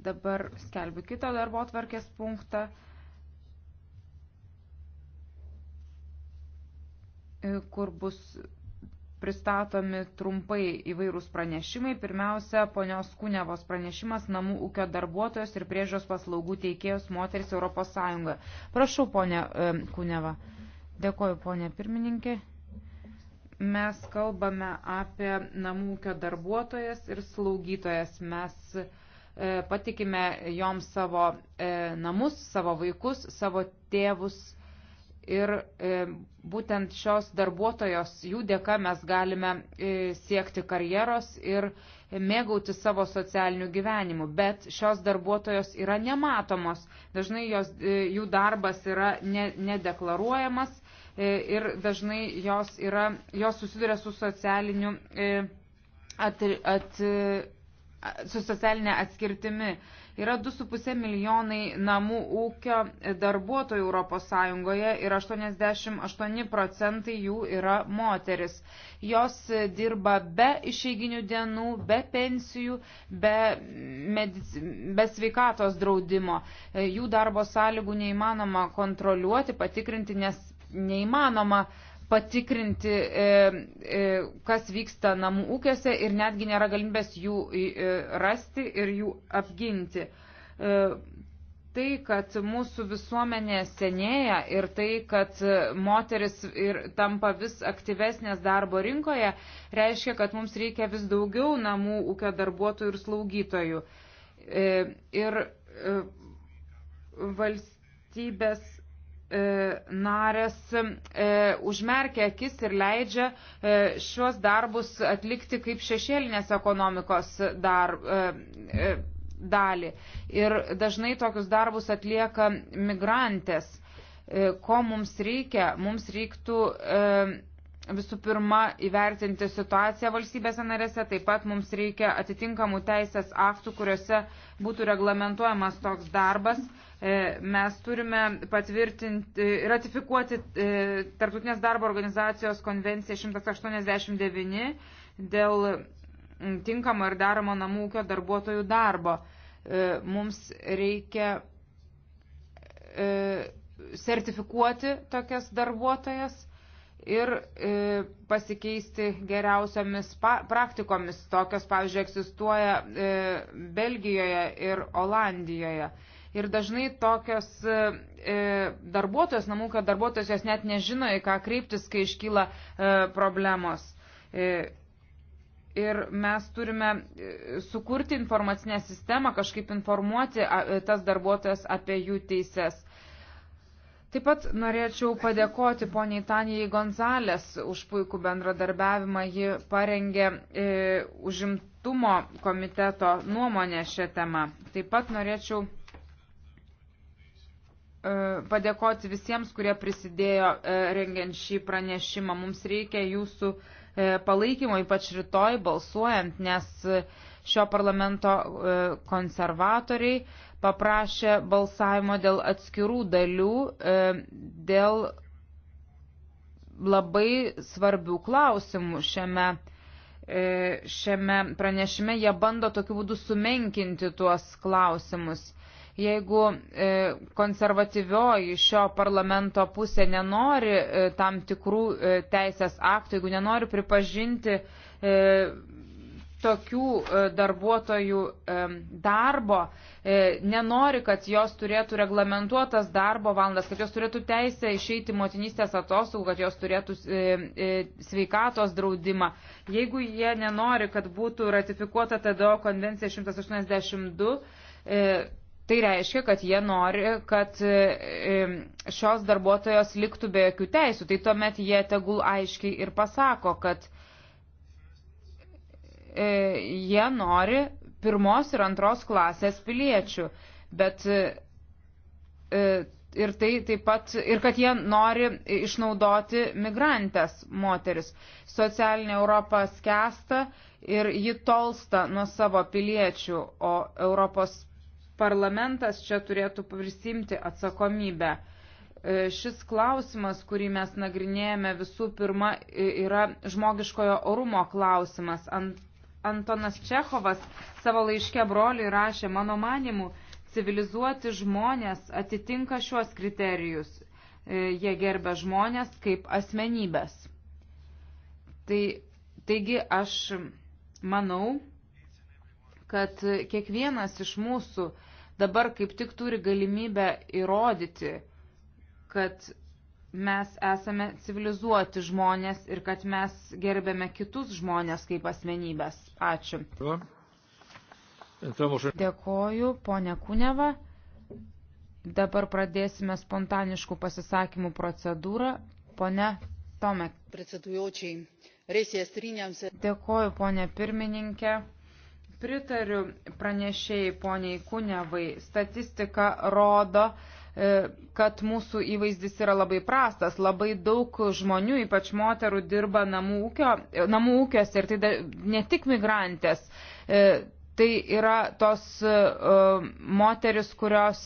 Dabar skelbiu kitą darbo tvarkės punktą. E, kur bus pristatomi trumpai įvairūs pranešimai. Pirmiausia, ponios Kunevos pranešimas namų ūkio darbuotojos ir priežios paslaugų teikėjos moteris Europos Sąjunga. Prašau, ponė e, Kuneva. Dėkoju, ponė pirmininkė. Mes kalbame apie namų ūkio darbuotojas ir slaugytojas. Mes E, patikime joms savo e, namus, savo vaikus, savo tėvus. Ir e, būtent šios darbuotojos, jų dėka mes galime siekti karjeros ir mėgauti savo socialiniu gyvenimu. Bet šios darbuotojos yra nematomos. Dažnai jos, jų darbas yra ne, nedeklaruojamas ir dažnai jos, yra, jos susiduria su socialiniu at, at, su socialinė atskirtimi. Yra 2,5 milijonai namų ūkio darbuotojų ES ir 88 procentai jų yra moteris. Jos dirba be išeiginių dienų, be pensijų, be, medic... be sveikatos draudimo. Jų darbo sąlygų neįmanoma kontroliuoti, patikrinti, nes neįmanoma uh, patikrinti, e, e, kas vyksta namų ūkiuose ir netgi nėra galimybės jų e, rasti ir jų apginti. Tai, kad mūsų visuomenė senėja ir tai, kad moteris ir tampa vis aktyvesnės darbo rinkoje, reiškia, kad mums reikia vis daugiau namų ūkio darbuotojų ir slaugytojų. Ir valstybės E, narės e, užmerkia akis ir leidžia e, šios darbus atlikti kaip šešėlinės ekonomikos dar, dalį. Ir dažnai tokius darbus atlieka migrantės. Ko mums reikia? Mums reiktų visų pirma įvertinti situaciją valstybėse narėse, taip pat mums reikia atitinkamų teisės aktų, kuriuose būtų reglamentuojamas toks darbas. E, mes turime patvirtinti, ratifikuoti e, Tartutinės darbo organizacijos konvenciją 189 dėl tinkamo ir daromo namų ūkio darbuotojų darbo. E, mums reikia sertifikuoti tokias darbuotojas ir e, pasikeisti geriausiamis pa praktikomis. Tokios, pavyzdžiui, egzistuoja e, Belgijoje ir Olandijoje. Ir dažnai tokios e, e, darbuotojos, namų, kad darbuotojos jos net nežino, į ką kreiptis, kai iškyla e, problemos. E, ir mes turime e, sukurti informacinę sistemą, kažkaip informuoti e, tas darbuotojas apie jų teises. Taip pat norėčiau padėkoti poniai Tanijai Gonzalės už puikų bendradarbiavimą. Ji parengė e, užimtumo komiteto nuomonę šią temą. Taip pat norėčiau e, padėkoti visiems, kurie prisidėjo e, rengiant šį pranešimą. Mums reikia jūsų e, palaikymo, ypač rytoj balsuojant, nes šio parlamento e, konservatoriai e, paprašė balsavimo dėl atskirų dalių, e, dėl labai svarbių klausimų šiame e, šiame pranešime jie bando tokiu būdu sumenkinti tuos klausimus. Jeigu e, konservatyvioji šio parlamento pusė nenori tam tikrų teisės aktų, jeigu nenori pripažinti tokių e, darbuotojų e, darbo, e, nenori, kad jos turėtų reglamentuotas darbo valandas, kad jos turėtų teisę išeiti motinystės atostogų, kad jos turėtų sveikatos draudimą. Jeigu jie nenori, kad būtų ratifikuota TDO konvencija 182, Tai reiškia, kad jie nori, kad šios darbuotojos liktų be jokių teisų. Tai tuomet jie tegul aiškiai ir pasako, kad E, jie nori pirmos ir antros klasės piliečių, bet e, e, ir tai taip pat, ir kad jie nori išnaudoti migrantės moteris. Socialinė Europa skęsta ir ji tolsta nuo savo piliečių, o Europos parlamentas čia turėtų prisimti atsakomybę. Šis klausimas, kurį mes nagrinėjame visų pirma, yra žmogiškojo orumo klausimas. Ant Antonas Čechovas savo laiške broliui rašė, mano manimu, civilizuoti žmonės atitinka šiuos kriterijus. E, jie gerbia žmonės kaip asmenybės. Tai, taigi aš manau, kad kiekvienas iš mūsų dabar kaip tik turi galimybę įrodyti, kad mes esame civilizuoti žmonės ir kad mes gerbėme kitus žmonės kaip asmenybės. Ačiū. Dėkoju, ponė Kuneva. Dabar pradėsime spontaniškų pasisakymų procedūrą. Pone Tomek. Dėkoju, ponė pirmininkė. Pritariu pranešėjai poniai Kunevai. Statistika rodo, E, kad mūsų įvaizdis yra labai prastas. Labai daug žmonių, ypač moterų, dirba namų, ūkio, namų ūkiuose ir tai da, ne tik migrantės. E, tai yra tos e, moteris, kurios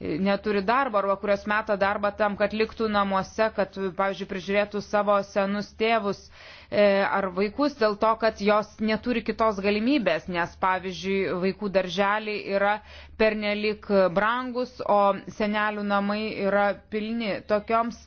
e, neturi darbo arba kurios meta darbą tam, kad liktų namuose, kad, pavyzdžiui, prižiūrėtų savo senus tėvus e, ar vaikus dėl to, kad jos neturi kitos galimybės, nes, pavyzdžiui, vaikų darželiai yra pernelik brangus, o senelių namai yra pilni tokioms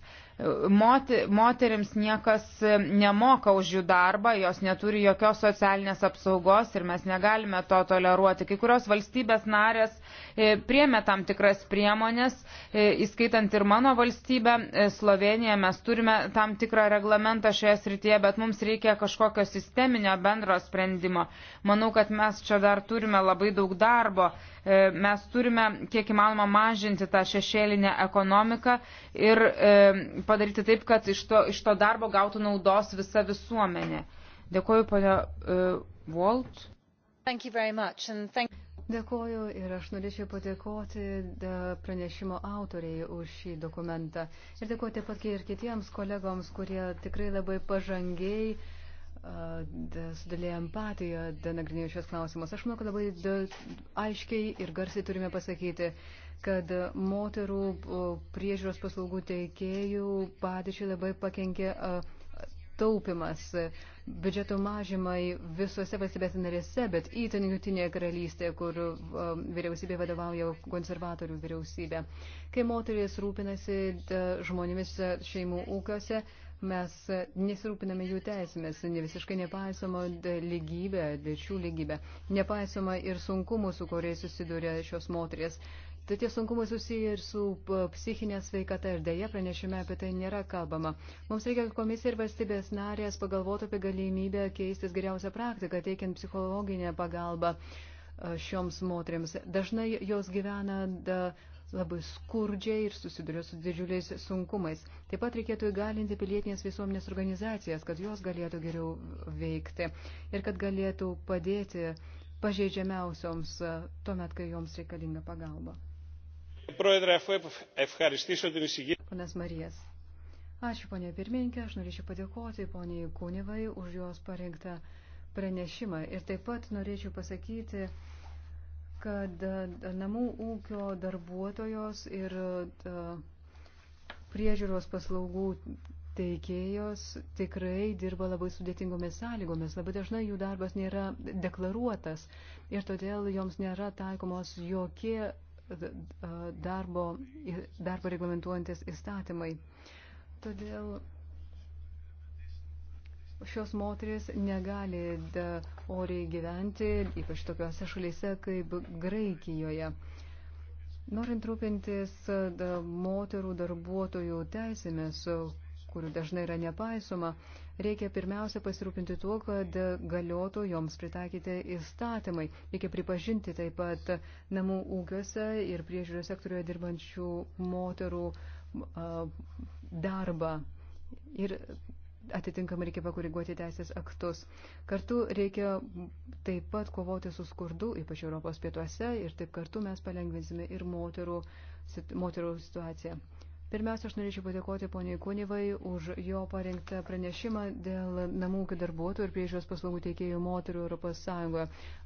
Moterims niekas e, nemoka už jų darbą, jos neturi jokios socialinės apsaugos ir mes negalime to toleruoti. Kai kurios valstybės narės e, priemė tam tikras priemonės, e, įskaitant ir mano valstybę, Sloveniją, mes turime tam tikrą reglamentą šioje srityje, bet mums reikia kažkokio sisteminio bendro sprendimo. Manau, kad mes čia dar turime labai daug darbo. E, mes turime kiek įmanoma mažinti tą šešėlinę ekonomiką ir e, padaryti taip, kad iš to, iš to darbo gautų naudos visa visuomenė. Dėkuoju, ponia Volt. E, thank... Dėkuoju ir aš norėčiau padėkoti pranešimo autoriai už šį dokumentą. Ir dėkuoju taip pat ir kitiems kolegoms, kurie tikrai labai pažangiai su dėlė empatija nagrinėjo šios klausimus. Aš manau, kad labai da, aiškiai ir garsiai turime pasakyti, kad moterų priežiūros paslaugų teikėjų padėčiai labai pakenkė taupimas, biudžeto mažymai visose valstybės narėse, bet įtin jungtinėje karalystėje, kur vyriausybė vadovauja konservatorių vyriausybė. Kai moteris rūpinasi žmonėmis šeimų ūkiuose, mes nesirūpiname jų teisėmis, ne visiškai nepaisoma lygybė, lyčių lygybė, nepaisoma ir sunkumų, su kuriais susiduria šios moteris. Tai tie sunkumai susiję ir su psichinė sveikata ir dėja pranešime apie tai nėra kalbama. Mums reikia, kad komisija ir valstybės narės pagalvotų apie galimybę keistis geriausią praktiką, teikiant psichologinę pagalbą šioms moteriams. Dažnai jos gyvena da, uh, labai skurdžiai ir susiduria su didžiuliais sunkumais. Taip pat reikėtų įgalinti pilietinės visuomenės organizacijas, kad jos galėtų geriau veikti ir kad galėtų padėti pažeidžiamiausioms e, tuomet, kai joms reikalinga pagalba. Panas Marijas. Ačiū, ponė pirmininkė, aš norėčiau padėkoti poniai Kunivai už jos parengtą pranešimą ir taip pat norėčiau pasakyti, kad e, namų ūkio darbuotojos ir e, priežiūros paslaugų teikėjos tikrai dirba labai sudėtingomis sąlygomis. Labai dažnai jų darbas nėra deklaruotas ir todėl joms nėra taikomos jokie e, darbo, darbo reglamentuojantis įstatymai. Todėl šios moteris negali oriai gyventi, ypač tokiuose šalyse kaip Graikijoje. Norint rūpintis da, moterų darbuotojų teisėmis, kurių dažnai yra nepaisoma, reikia pirmiausia pasirūpinti tuo, kad galiotų joms pritaikyti įstatymai. Reikia pripažinti taip pat namų ūkiuose ir priežiūros sektoriuje dirbančių moterų a, darbą. Ir atitinkamai reikia pakoreguoti teisės aktus. Kartu reikia taip pat kovoti su skurdu, ypač Europos pietuose, ir taip kartu mes palengvinsime ir moterų, moterų situaciją. Pirmiausia, aš norėčiau padėkoti poniai Kunivai už jo parengtą pranešimą dėl namų ūkio darbuotojų ir priežiūros paslaugų teikėjų moterų Europos Sąjungoje.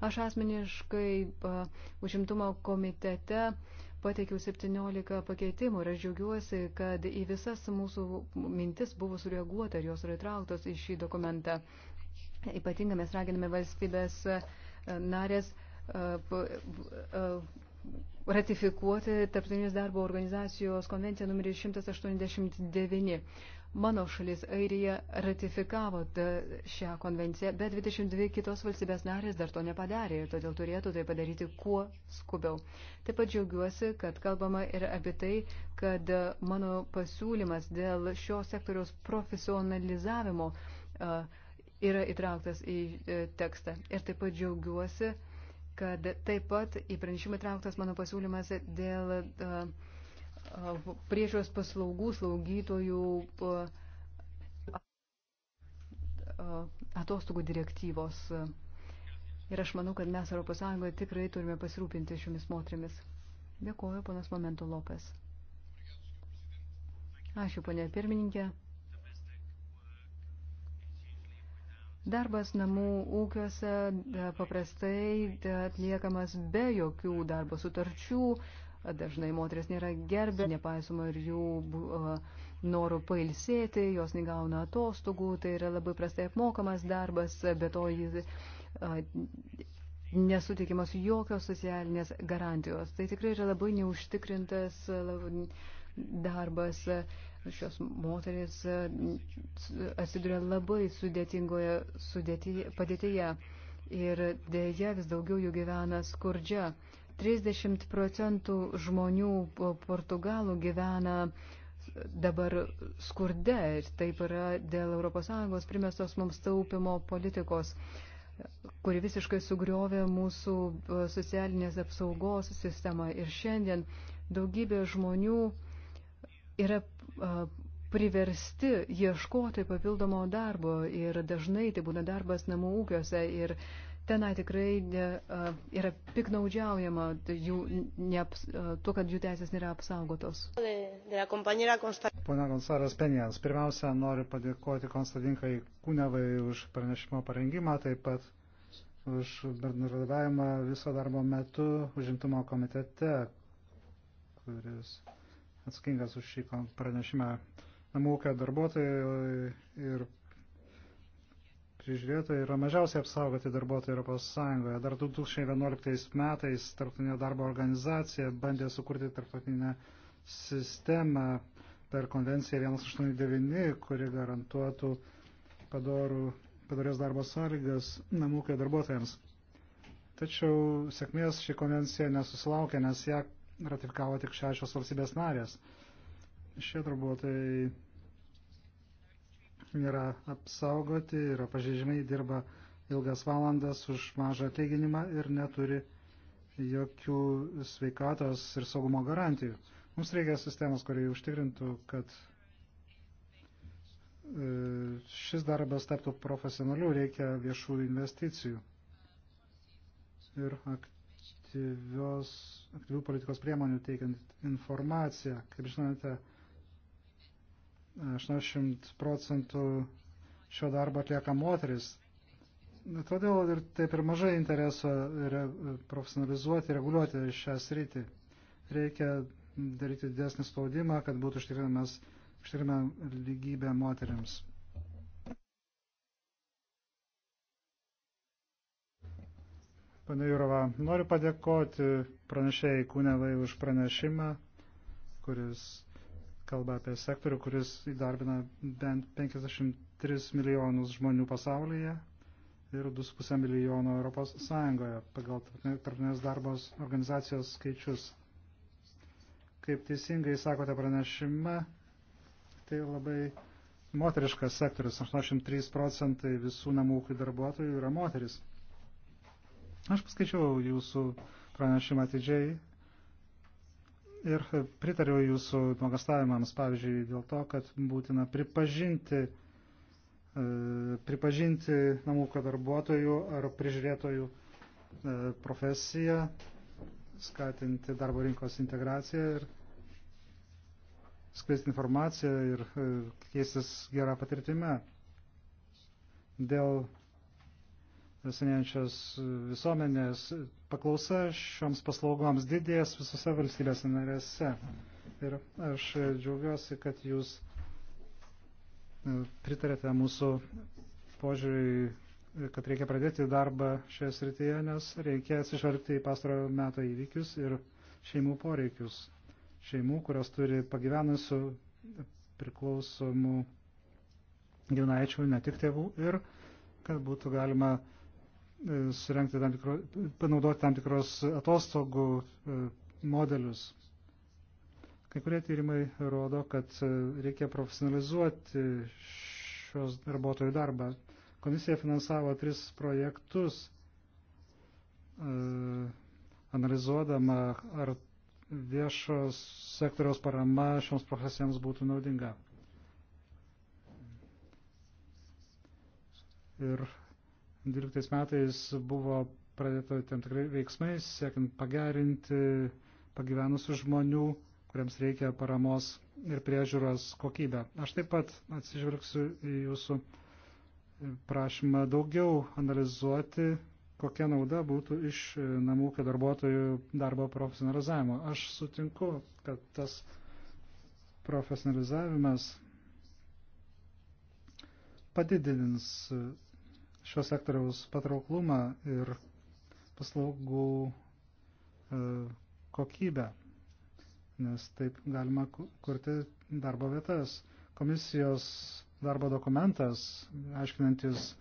Aš asmeniškai uh, užimtumo komitete uh, pateikiau 17 pakeitimų ir aš džiaugiuosi, kad į visas mūsų mintis buvo sureaguota ir jos yra įtrauktos į šį dokumentą. Ypatingai mes raginame valstybės e, narės e, e, ratifikuoti Tarptautinės darbo organizacijos konvenciją numeris 189. Mano šalis Airija ratifikavo šią konvenciją, bet 22 kitos valstybės narės dar to nepadarė ir todėl turėtų tai padaryti kuo skubiau. Taip pat džiaugiuosi, kad kalbama ir apie tai, kad mano pasiūlymas dėl šio sektoriaus profesionalizavimo yra įtrauktas į e, tekstą. Ir taip pat džiaugiuosi, kad taip pat į pranešimą įtrauktas mano pasiūlymas dėl. Uh, priežiūros paslaugų slaugytojų atostogų direktyvos. Ir aš manau, kad mes ES tikrai turime pasirūpinti šiomis moterimis. Dėkuoju, ponas Momento Lopes. Ačiū, ponė pirmininkė. Darbas namų ūkiuose e, paprastai e, atliekamas be jokių darbo sutarčių, Dažnai moteris nėra gerbė, nepaisoma ir jų norų pailsėti, jos negauna atostogų, tai yra labai prastai apmokamas darbas, bet to jis nesutikimas jokios socialinės garantijos. Tai tikrai yra labai neužtikrintas darbas. Šios moteris atsiduria labai sudėtingoje sudėtyje, padėtyje ir dėja vis daugiau jų gyvena skurdžia. 30 procentų žmonių Portugalų gyvena dabar skurde ir taip yra dėl ES primestos mums taupimo politikos, kuri visiškai sugriovė mūsų e, socialinės apsaugos sistemą. Ir šiandien daugybė žmonių yra e, priversti ieškoti papildomo darbo ir dažnai tai būna darbas namų ūkiuose ir tenai tikrai e, yra piknaudžiaujama jų neaps, tuo, kad jų teisės nėra apsaugotos. Pana Gonsaras Penijans, pirmiausia, noriu padėkoti Konstantinkai Kūnevai už pranešimo parengimą, taip pat už bendradarbiavimą viso darbo metu užimtumo komitete, kuris atsakingas už šį pranešimą namų ūkio darbuotojai ir prižiūrėtojai yra mažiausiai apsaugoti darbuotojai Europos Sąjungoje. Dar 2011 metais Tarptautinė darbo organizacija bandė sukurti tarptautinę sistemą per konvenciją 189, kuri garantuotų padorų, padorės darbo sąlygas namų ūkio darbuotojams. Tačiau sėkmės ši konvencija nesusilaukė, nes ją ratifikavo tik šešios valstybės narės. Šie darbuotojai yra apsaugoti, yra pažeidžiamai, dirba ilgas valandas už mažą atlyginimą ir neturi jokių sveikatos ir saugumo garantijų. Mums reikia sistemos, kurie užtikrintų, kad e, šis darbas taptų profesionaliu, reikia viešų investicijų ir aktyvios, aktyvių politikos priemonių teikiant informaciją. Kaip žinote, 80 procentų šio darbo atlieka moteris. Todėl ir taip ir mažai intereso re, profesionalizuoti, reguliuoti šią sritį. Reikia daryti didesnį spaudimą, kad būtų užtikrinamas užtikrinama lygybė moteriams. Pane Jūrova, noriu padėkoti pranešėjai Kūnevai už pranešimą, kuris kalba apie sektorių, kuris įdarbina bent 53 milijonus žmonių pasaulyje ir 2,5 milijono Europos Sąjungoje pagal tarptautinės darbos organizacijos skaičius. Kaip teisingai sakote pranešime, tai labai moteriškas sektorius, 83 procentai visų namų ūkių darbuotojų yra moteris. Aš paskaičiau jūsų pranešimą atidžiai ir pritariu jūsų nuogastavimams, pavyzdžiui, dėl to, kad būtina pripažinti, e, pripažinti namų ūkio darbuotojų ar prižiūrėtojų e, profesiją, skatinti darbo rinkos integraciją ir skleisti informaciją ir e, keistis gerą patirtimą. Dėl senėjančios visuomenės paklausa šioms paslaugoms didės visose valstybės narėse. Ir aš džiaugiuosi, kad jūs e, pritarėte mūsų požiūriui, kad reikia pradėti darbą šioje srityje, nes reikia atsižvelgti į pastarojo meto įvykius ir šeimų poreikius. Šeimų, kurios turi pagyvenusių priklausomų gyvenaičių, ne tik tėvų, ir kad būtų galima E, surengti tam tikro, panaudoti tam tikros atostogų e, modelius. Kai kurie tyrimai rodo, kad e, reikia profesionalizuoti šios darbuotojų darbą. Komisija finansavo tris projektus, analizuodama, ar viešos sektoriaus parama šioms profesijoms būtų naudinga. Ir 12 metais buvo pradėta tam tikrai veiksmai, siekiant pagerinti pagyvenusių žmonių, kuriems reikia paramos ir priežiūros kokybę. Aš taip pat atsižvelgsiu į jūsų prašymą daugiau analizuoti, kokia nauda būtų iš namų ūkio darbuotojų darbo profesionalizavimo. Aš sutinku, kad tas profesionalizavimas padidins šio sektoriaus patrauklumą ir paslaugų e, kokybę, nes taip galima kurti darbo vietas. Komisijos darbo dokumentas, aiškinantis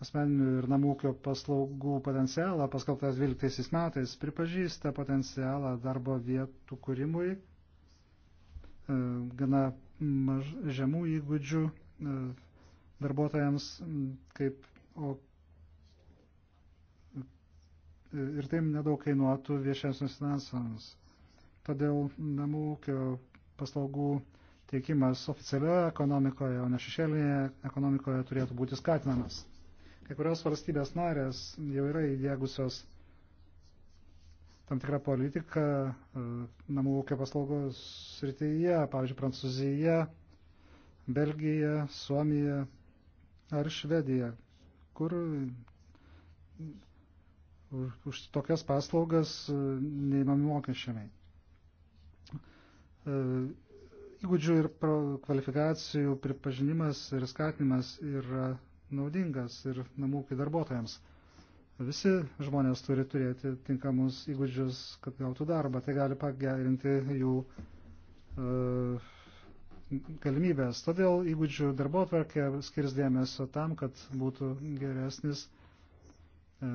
asmeninių ir namūkio paslaugų potencialą, paskaltas 12 metais, pripažįsta potencialą darbo vietų kūrimui e, gana maž, žemų įgūdžių e, darbuotojams kaip o ir tai nedaug kainuotų viešiesiams finansams. Todėl namų ūkio paslaugų teikimas oficialioje ekonomikoje, o ne šešėlinėje ekonomikoje turėtų būti skatinamas. Kai kurios valstybės narės jau yra įdėgusios tam tikrą politiką e, namų ūkio paslaugos srityje, pavyzdžiui, Prancūzija, Belgija, Suomija ar Švedija kur už tokias paslaugas e, neįmami mokesčiai. E, įgūdžių ir kvalifikacijų pripažinimas ir skatinimas yra naudingas ir namų ūkiai darbuotojams. Visi žmonės turi turėti tinkamus įgūdžius, kad gautų darbą. Tai gali pagerinti jų galimybės. Todėl įgūdžių darbo tvarkė skirs dėmesio tam, kad būtų geresnis e,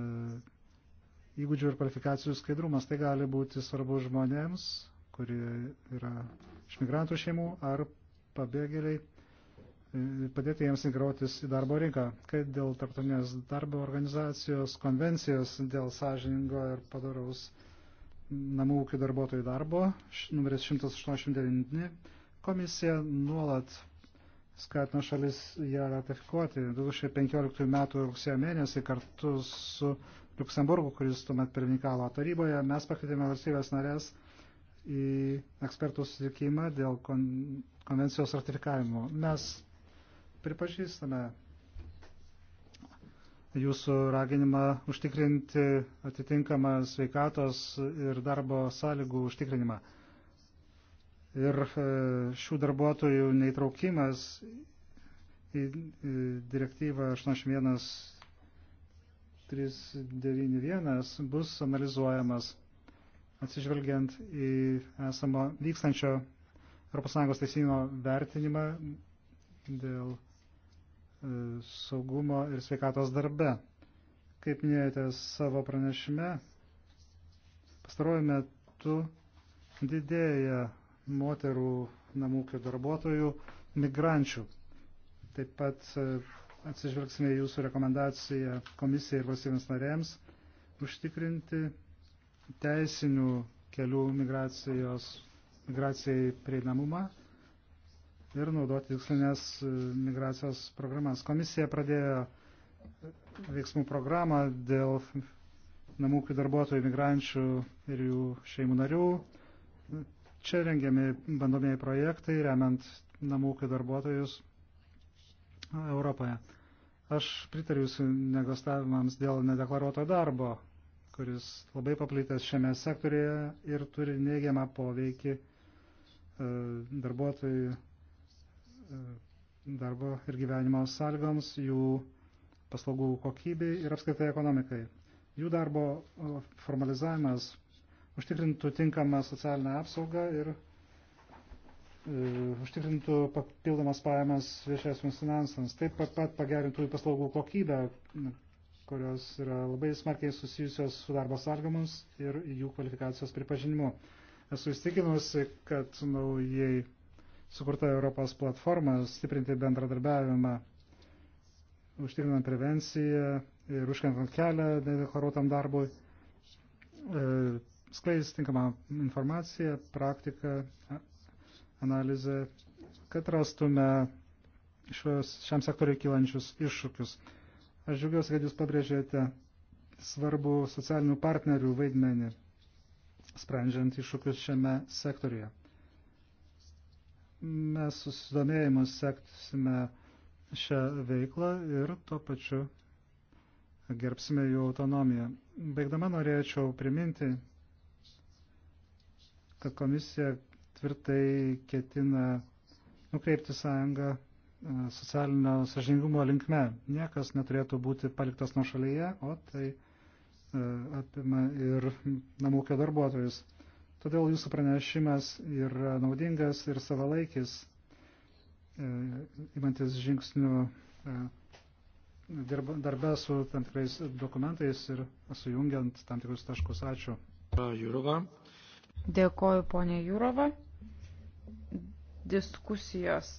įgūdžių ir kvalifikacijų skaidrumas. Tai gali būti svarbu žmonėms, kurie yra iš migrantų šeimų ar pabėgėliai, e, padėti jiems įgrautis į darbo rinką, kad dėl tarptautinės darbo organizacijos konvencijos dėl sąžiningo ir padaraus namų ūkių darbuotojų darbo, numeris 189, Komisija nuolat skatino šalis ją ratifikuoti 2015 m. rugsėjo mėnesį kartu su Luksemburgu, kuris tuomet pirmininkavo taryboje, mes pakvietėme valstybės narės į ekspertų susitikimą dėl kon konvencijos ratifikavimo. Mes pripažįstame jūsų raginimą užtikrinti atitinkamą sveikatos ir darbo sąlygų užtikrinimą ir e, šių darbuotojų neįtraukimas į direktyvą 81391 bus analizuojamas atsižvelgiant į esamo vykstančio ES teisino vertinimą dėl e, saugumo ir sveikatos darbe. Kaip minėjote savo pranešime, pastaruoju metu didėja moterų namūkių darbuotojų migrančių. Taip pat e, atsižvelgsime jūsų rekomendaciją komisijai ir valstybėms narėms užtikrinti teisinių kelių migracijos, migracijai prieinamumą ir naudoti tikslinės e, migracijos programas. Komisija pradėjo veiksmų programą dėl namūkių darbuotojų migrančių ir jų šeimų narių Čia rengiami bandomieji projektai, remiant namų ūkio darbuotojus Europoje. Aš pritariu jūsų negastavimams dėl nedeklaruoto darbo, kuris labai paplitęs šiame sektorėje ir turi neigiamą poveikį e, darbuotojų e, darbo ir gyvenimo sąlygoms, jų paslaugų kokybei ir apskritai ekonomikai. Jų darbo formalizavimas užtikrintų tinkamą socialinę apsaugą ir e, užtikrintų papildomas pajamas viešiesiams finansams, taip pat, pat pagerintų paslaugų kokybę, kurios yra labai smarkiai susijusios su darbo sąlygomis ir jų kvalifikacijos pripažinimu. Esu įstikinusi, kad naujai sukurta Europos platforma stiprinti bendradarbiavimą, užtikrinant prevenciją ir užkrentant kelią nedeklaruotam darbui, e, skleis tinkamą informaciją, praktiką, analizę, kad rastume šios, šiam sektoriui kylančius iššūkius. Aš džiaugiuosi, kad jūs pabrėžėte svarbu socialinių partnerių vaidmenį, sprendžiant iššūkius šiame sektoriuje. Mes susidomėjimus seksime šią veiklą ir tuo pačiu gerbsime jų autonomiją. Baigdama norėčiau priminti, kad komisija tvirtai ketina nukreipti sąjungą e, socialinio sažiningumo linkme. Niekas neturėtų būti paliktas nuo šalyje, o tai e, apima ir namūkio darbuotojus. Todėl jūsų pranešimas yra naudingas ir savalaikis, e, imantis žingsnių darbę su tam tikrais dokumentais ir sujungiant tam tikrus taškus. Ačiū. Jūrova. Dėkoju, ponė Jūrova. Diskusijos